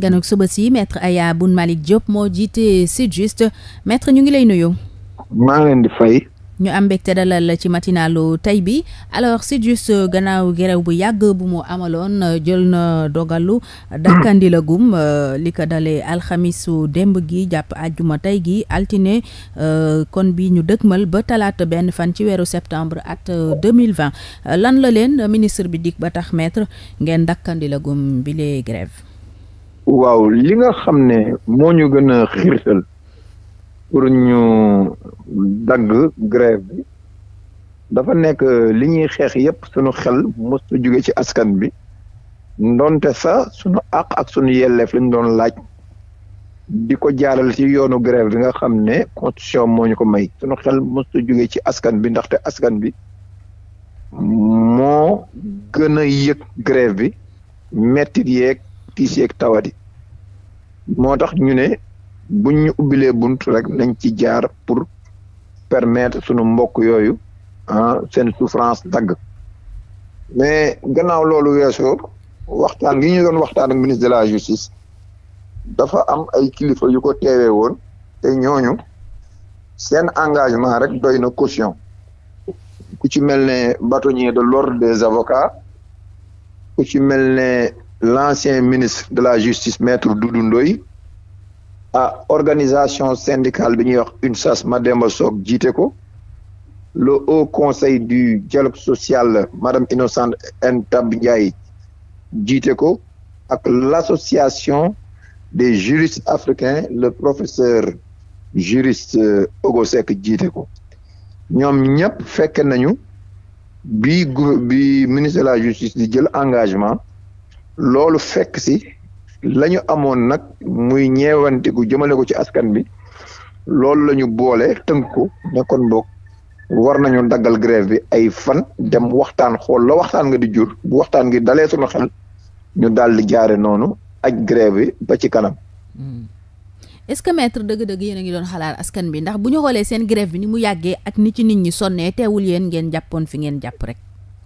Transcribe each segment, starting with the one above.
ganok suba si maître Aya Boun Malick Diop moo jiite Sytjust maître ñu ngi lay nuyu. maa leen di fay. ñu am mbégte dalal ci matinalu tey bi alors Sytjust gannaaw grève bu yàgg bu mu amaloon jël na dogalu dakkandilagum la gum euh, li alxamisu demb gi jàpp àjjuma tey gi altine euh, kon bi ñu dëgmal ba talaata benn fan ci weeru septembre at 2020 euh, lan la leen ministre bi dik ba tax maître ngeen dakkandi la gum waaw li nga xam ne moo ñu gën a xiirtal pour ñu dagg grève bi dafa nekk euh, li ñuy xeex yépp sunu xel mos jóge ci askan bi ndonte sax sunu àq ak sunu yelleef lañ doon laaj di ko jaaral ci yoonu grève bi nga xam ne constitution moo ñu ko may sunu xel mos jóge ci askan bi ndaxte askan bi moo gëna a yëg grève bi mettit yeeg tiis yeeg tawat moo tax ñu ne buñ ñu ubbilee bunt rek nañ ci jaar pour permettre sunu mbokk yooyu ah seen souffrance dagg mais gannaaw loolu weesoo waxtaan gi ñu waxtaan ak ministre de la justice dafa am ay kilifa yu ko teewee woon te ñooñu seen engagement rek doy na caution ku ci mel ne bâtonnier de l'ordre des avocats ku ci mel ne l'ancien ministre de la justice maître du ndoy à organisation syndicale bi ñuy wax ma Mademba Sock jiite ko le haut conseil du dialogue social madame Innocente Ntab Ndiaye jiite ko ak l'association des juristes africain le professeur juriste euh, Ogo jiite ko ñoom ñëpp fekk nañu bi bi ministre de la justice di jël engagement loolu fekk si lañu amoon nag muy ñeewante gu jëmale ko ci askan bi loolu lañu boole tënk ko ne kon war nañu daggal grève bi ay fan dem waxtaan xool la waxtaan nga di jur bu waxtaan ngi dalee suñu xel ñu daal di jaare noonu aj grève bi ba ci kanam. Hmm. est-ce que maître dëgg-dëgg yéen a ngi doon xalaat askan bi ndax bu ñu xoolee seen grève bi ni mu yàggee ak ni ci nit ñi sonnee teewul yéen ngeen jàppoon fi ngeen jàpp rek.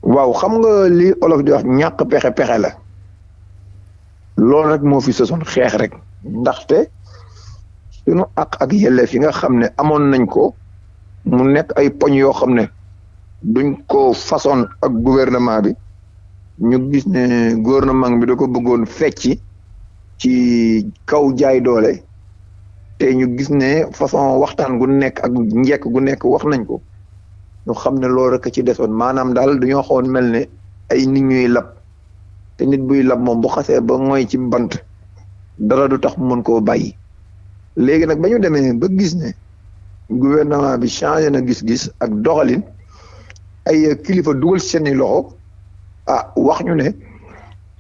waaw xam nga li olof di wax ñàkk pexe pexe la. loolu rek moo fi sosoon xeex rek ndaxte suñu ak ak yelleef yi nga xam ne amoon nañ ko mu nekk ay poñ yoo xam ne duñ ko façon ak gouvernement bi ñu gis ne gouvernement bi da ko bëggoon fecci ci kaw jaay doole te ñu gis ne façon waxtaan gu nekk ak njekk gu nekk wax nañ ko ñu xam ne loolu rek ci desoon maanaam daal dañoo xawoon mel ne ay nit ñuy lab te nit buy lab moom boo xasee ba mooy ci bant dara du tax mu mën koo bàyyi léegi nag ba demee ba gis ne gouvernement bi changé na gis-gis ak doxalin ay kilifa dugal seeni loxo ah wax ñu ne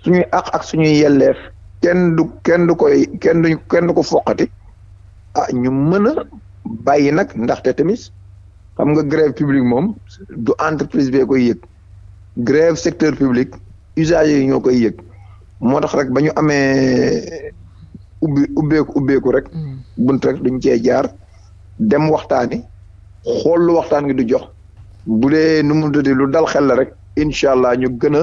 su ñuy ak suñuy yelleef kenn du kenn du koy kenn du kenn du ko foqati ah ñu mën a bàyyi nag ndaxte tamit xam nga grève publique moom du entreprise bee koy yëg grève secteur public usagers yi ñoo koy yëg moo tax rek ba ñu amee ubbi ubbeeku ubbeeku rek mm. bunt rek dañ cee jaar dem waxtaani xool waxtaan gi du jox bu dee nu mu tuddee lu dal xel la rek incha allah ñu gën a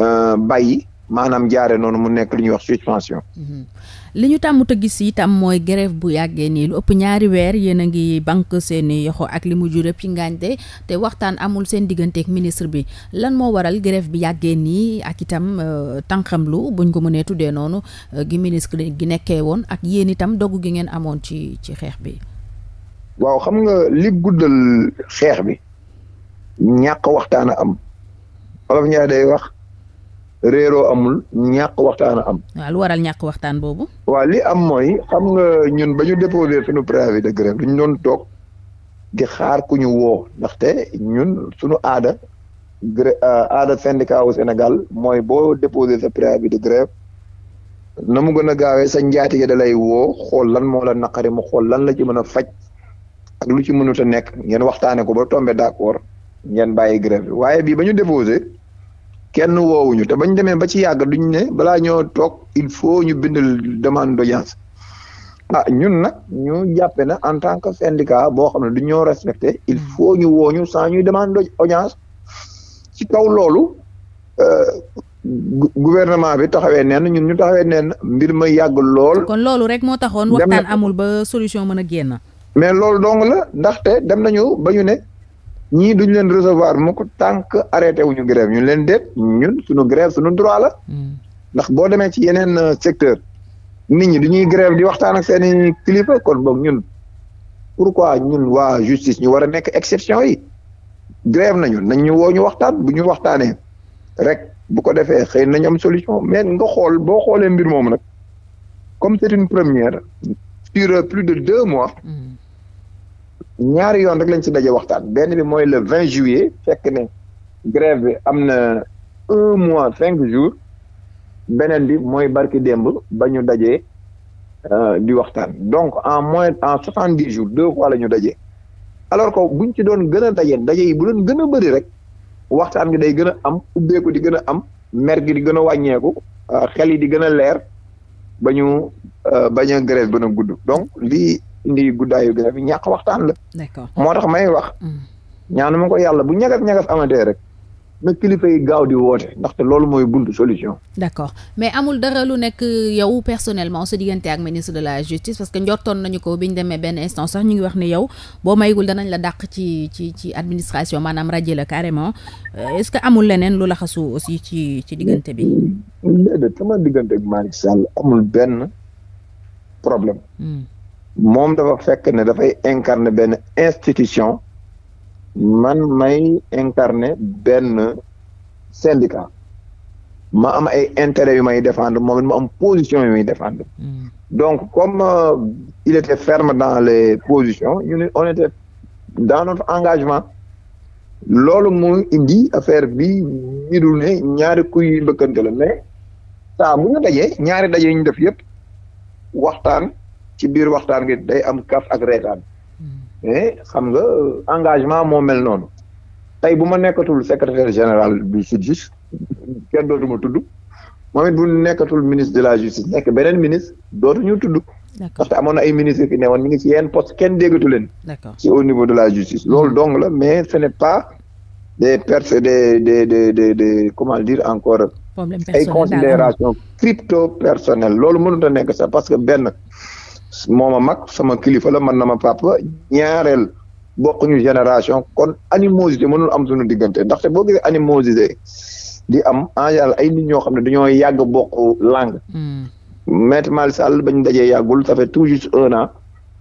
euh, bàyyi maanaam jaare noonu mu nekk li ñuy wax suspension. Mhm. li ñu tàmm a gis itam mooy grève bu yàggee nii lu ëpp ñaari weer yéen a ngi banque seeni i yoxo ak li mu jur yëpp ci ngaañte te waxtaan amul seen digganteek ministre bi lan moo waral grève bi yàggee nii ak itam euh, tànqamlu buñ ko mënee tuddee noonu euh, gi ministre gi nekkee woon ak yéen itam dogu gi ngeen amoon ci ci xeex bi. waaw xam nga li guddal xeex bi ñàkk waxtaan a am Wolof Njaay day wax. réeroo amul ñàkk waxtaan a am. waaw lu waral ñàkk waxtaan boobu. waa li am mooy xam nga ñun bañu ñu déposé suñu préavis de grève duñu doon toog di xaar ku ñu woo ndaxte ñun sunu aada gré euh, ada syndicat au Sénégal mooy boo déposé sa préavis de grève na mu gën a gaawee sa njaatige da lay wo xool lan moo la naqari mu xool lan la ci mën a faj ak lu ci mënut a nekk ngeen waxtaanee ko ba tombé d'accord ngeen bàyyi grève waaye bii ba ñu déposé. kenn woowuñu te bañ demee ba ci yàgg duñ ne balaa ñoo toog il faut ñu bindal demande d'audience ah ñun na ñu jàppee na en tant que syndicat boo xam ne du ñoo respecté il hmm. faut ñu wooñu sans ñuy demande d'audience ci kaw loolu euh, gouvernement bi taxawee neen ñun ñu taxawee neen mbir ma yàgg lool. kon loolu rek moo taxoon waxtaan amul ba solution mën a génn. mais loolu dong la ndaxte dem nañu ba ñu ne ñii duñ leen recevoir mu ko tànk arrêté wuñu grève ñun leen déet ñun suñu grève suñu droit la hmm. ndax boo demee ci yeneen euh, secteur nit ñi duñuy grève di waxtaan ak seeni kilifa kon boog ñun pourquoi ñun waa justice ñu war a nekk exception yi grève nañu nañ ñu woo ñu waxtaan bu ñu waxtaanee rek bu ko defee xëy nañ am solution mais nga xool boo xoolee mbir moomu nag comme c'est une première sur euh, plus de deux mois hmm. ñaari yoon rek lañ ci daje waxtaan benn bi mooy le vingt juillet fekk ne grève bi am na un mois cinq jours beneen bi mooy barki démb ba ñu dajee euh, di waxtaan donc en mois en soixante dix jours deux fois la ñu dajee alors que buñ ci doon gën a daje daje yi bu doon gën a bëri rek waxtaan gi day gën a am ubbeeku di gën a am mer gi di gën a wàññeeku euh, xel yi di gën a leer ba ñu euh, bañ a grève gën a gudd donc lii indi guddaayu grève yi ñàkk waxtaan la. d'accord moo tax may wax. Mm. ñaanu ma ko yàlla bu ñagas ñagas amatee rek. na kilifa yi gaaw di woote ndaxte loolu mooy buntu solution. d'accord mais amul dara lu nekk yow personnellement sa diggante ak ministre de la justice parce que njortoon nañu ko bi ñu demee benn instance sax ñu ngi wax ni yow boo maygul danañ la dàq ci ci ci administration maanaam radier la carrément euh, est-ce que amul leneen lu la aussi ci ci diggante bi. déedéet sama diggante ak Malick Sall amul benn moom dafa fekk ne dafay incarner benn institution man may incarner benn syndicat ma am ay intérêts yu may défendre moom it ma am position yu may défendre hmm. donc comme euh, il était ferme dans les positions ñu on dans notre engagement loolu mooy indi affaire bi ñu ne ñaari kuy mbëkkante la mais saa bu ñu dajee ñaari daje ñu def yëpp waxtaan ci biir waxtaan gi day am kaf ak reetaan eh, xam nga engagement moo mel noonu tey bu ma nekkatul secrétaire général du SYTJUST kenn dootuma tudd moom it bu nekkatul ministre de la justice nekk beneen ministre dootuñu tudd parce que amoon ay ministre ki ne woon ñu ngi ci yenn poste kenn déggatu leen ci au niveau de la justice loolu mm-hmm. dong la mais ce n'est pas des pertes des de des des des dire encore ay considération crypto personnel loolu mënut a nekk sax parce que benn moo ma mag sama kilifa la man na ma papa ñaareel bokkuñu génération kon animosité mënul am suñu diggante ndaxte boo gisee animosité di am en ay nit ñoo xam ne dañoo yàgg bokk langue. Hmm. maître Malick Sall bañ dajee yàggul ça tout juste un an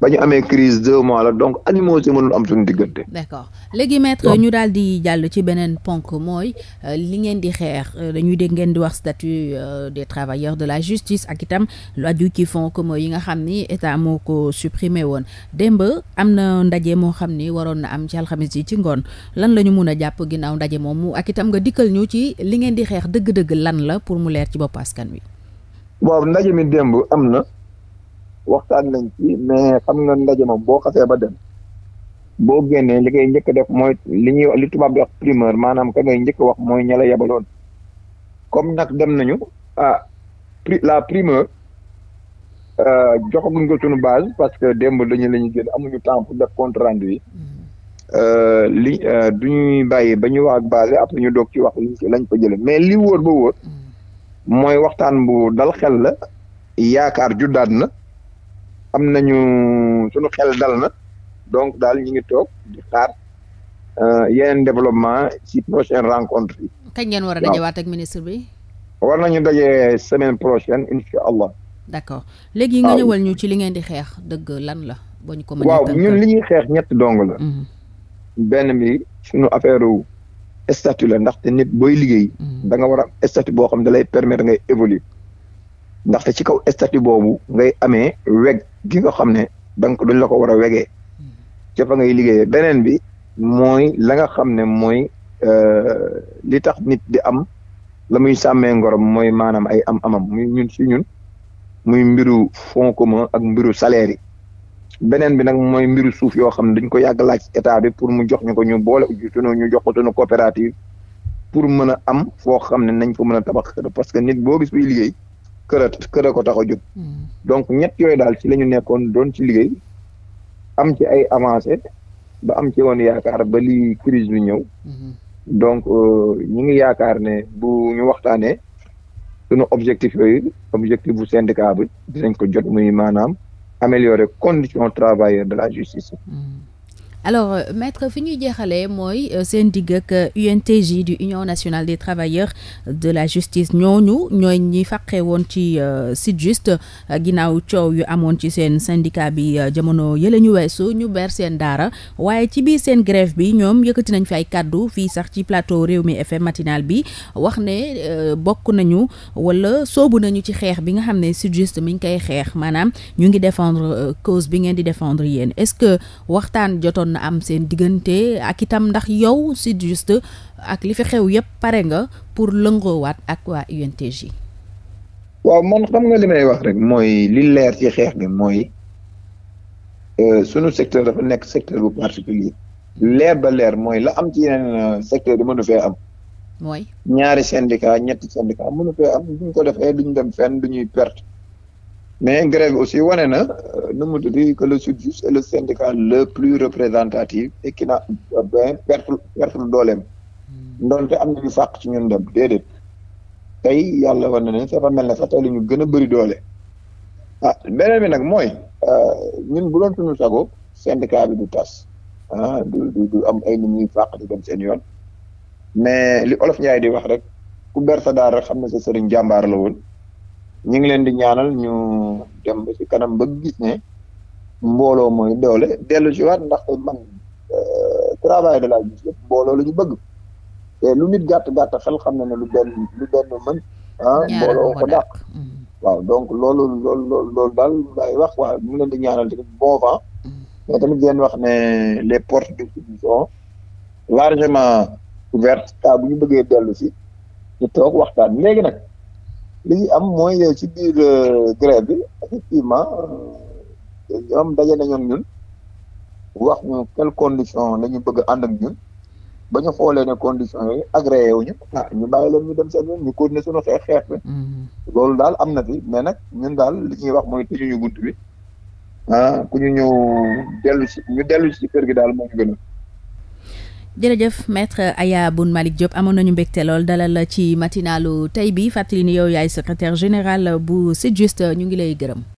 ba ñu amee crise deux mois la donc animosité mënul am suñu diggante. d'accord léegi ñu daal di jàll ci beneen ponk mooy euh, li ngeen di xeex euh, dañuy dégg ngeen di wax statut euh, des travailleurs de la justice ak itam lu aju ci fonds commun yi nga xam ni état moo ko supprimé woon démb am na ndaje moo xam ni waroon na am ci alxamis yi ci ngoon lan la ñu mun a jàpp ginnaaw ndaje moomu ak itam nga dikkal ñu ci li ngeen di xeex dëgg-dëgg lan la pour mu leer ci bopp askan wi. waaw waxtaan nañ ci mais xam nga ndaje moom boo xasee ba dem boo génnee li ngay njëkk def mooy li ñuy li tubaab di wax primeur maanaam ka ngay njëkk wax mooy ña la yebaloon comme nag dem nañu ah la primeur euh, joxaguñ ko suñu base parce que démb dañu la ñu génn amuñu temps pour def compte rendu yi mm-hmm. euh, li euh, du ñuy bàyyi ba ñu wax ak base après ñu doog ci wax lañ fa jële mais li wóor ba wóor mm-hmm. mooy waxtaan bu dal xel la yaakaar juddaat na am nañu suñu xel dal na donc daal ñu ngi toog di xaar euh, yeneen développement ci prochaine rencontre yi. kañ ngeen war a dajewaat ak ministre bi. war nañu daje semaine prochaine incha allah. d'accord léegi nga ñëwal ñu ci li ngeen di xeex dëgg lan la. ba ñu ko mën waaw ñun li ñuy xeex ñett dong la. Mhm. benn bi suñu affaire statut la ndaxte nit booy liggéey. Mhm. da war a am boo xam ne da lay ngay évoluer. ndaxte ci kaw statut boobu ngay amee weg gi nga xam ne donc duñ la ko war a wegee hmm. ca fa ngay liggéeyee beneen bi mooy la nga xam ne mooy euh, li tax nit di am la muy sàmmee ngorom mooy maanaam ay am amam muy ñun si ñun muy mbiru fonds commun ak mbiru salaire yi beneen bi nag mooy mbiru suuf yoo xam ne dañ koy yàgg laaj état bi pour mu jox ñu ko ñu boole sunu ñu jox ko sunu coopérative pour mën a am foo xam ne nañ ko mën a tabax parce que nit boo gis buy liggéey kër a kër a ko tax a hmm. donc ñett yooyu daal ci la ñu nekkoon doon ci liggéey am ci ay avancé ba am ci woon yaakaar ba lii crise bi ñëw hmm. donc euh, ñu ngi yaakaar ne bu ñu waxtaanee sunu objectif yooyu objectif bu syndicat bi dinañ ko jot muy maanaam améliorer condition travailleur de la justice hmm. alors euh, maître fi ñuy jeexalee mooy euh, seen digg ak UNTJ euh, du Union nationale des travailleurs de la justice ñooñu ñooy ñi faqee woon ci Sytjust ginnaaw coow yu amoon ci seen syndicat bi jamono yële ñu weesu ñu ber seen daara waaye ci biir seen grève bi ñoom yëkkati nañ fi ay kàddu fii sax ci plateau mi FM matinale bi wax ne bokk nañu wala soobu nañu ci xeex bi nga xam ne Sytjust mi ngi koy xeex maanaam ñu ngi défendre cause bi ngeen di défendre yéen est-ce que waxtaan jotoon na am seen diggante ak itam ndax yow Sud Juste ak li fi xew yëpp pare nga pour lëngoowaat ak waa UNTJ. waaw man xam nga li may wax rek mooy li leer ci xeex bi mooy euh, sunu secteur dafa nekk secteur bu particulier leer ba leer mooy la am ci yeneen euh, secteur yi mënu fee am. mooy ñaari syndicat ñetti syndicat mënu fee am duñ ko defee duñ dem fenn duñuy perte. mais grève aussi wane na euh, nu mu tudd que le SYTJUST est le syndicat le plus représentatif et qui n'a ben perte perte dooleem ndonte hmm. am na ñu fàq ci ñun dem déedéet tey yàlla war na ne dafa mel ne sax tey la ñu gën a bëri doole ah beneen bi nag mooy euh, ñun bu doon suñu sago syndicat bi du tas ah du am ay nit ñuy fàq di dem seen yoon mais li olof Njaay di wax rek ku ber sa daal rek xam ne sa sëriñ jàmbaar la woon ñu ngi leen di ñaanal ñu dem ba ci kanam ba gis ne mbooloo mooy doole dellu ci ndax ndaxte man euh, travail de la gis yëpp mbooloo la ñu bëgg te lu nit gàtt gàtt xel xam na ne lu benn lu benn mën ah mbooloo ko dàq mm-hmm. waaw donc loolu loolu loolu loolu daal laay wax waaw ñu ngi leen di ñaanal tamit bon vent mm-hmm. mais tamit wax ne les portes de sont largement ouvertes saa bu ñu bëggee dellu ñu toog waxtaan léegi nag li ñu am mooy yow ci biir euh, grève bi effectivement euh, ñoom daje nañoon ñun wax ñu quelles conditions la bëgg ànd ak ñun ba ñu xoolee ne conditions yooyu agréé wu ñu ah ñu bàyyi leen ñu dem seen yoon ñu continuer suñu xeex xeex bi mm-hmm. loolu daal am na fi mais nag ñun daal li ñuy wax mooy tëjuñu bunt bi ah ku ñu ñëw dellu si ñu dellu si kër gi daal moo ñu jërëjëf maître Aya Boun Malick Diop amoon nañu mbégte lool dalal ci matinalu tey bi fàttali ni yow yaay secrétaire général bu Sytjust ñu ngi lay gërëm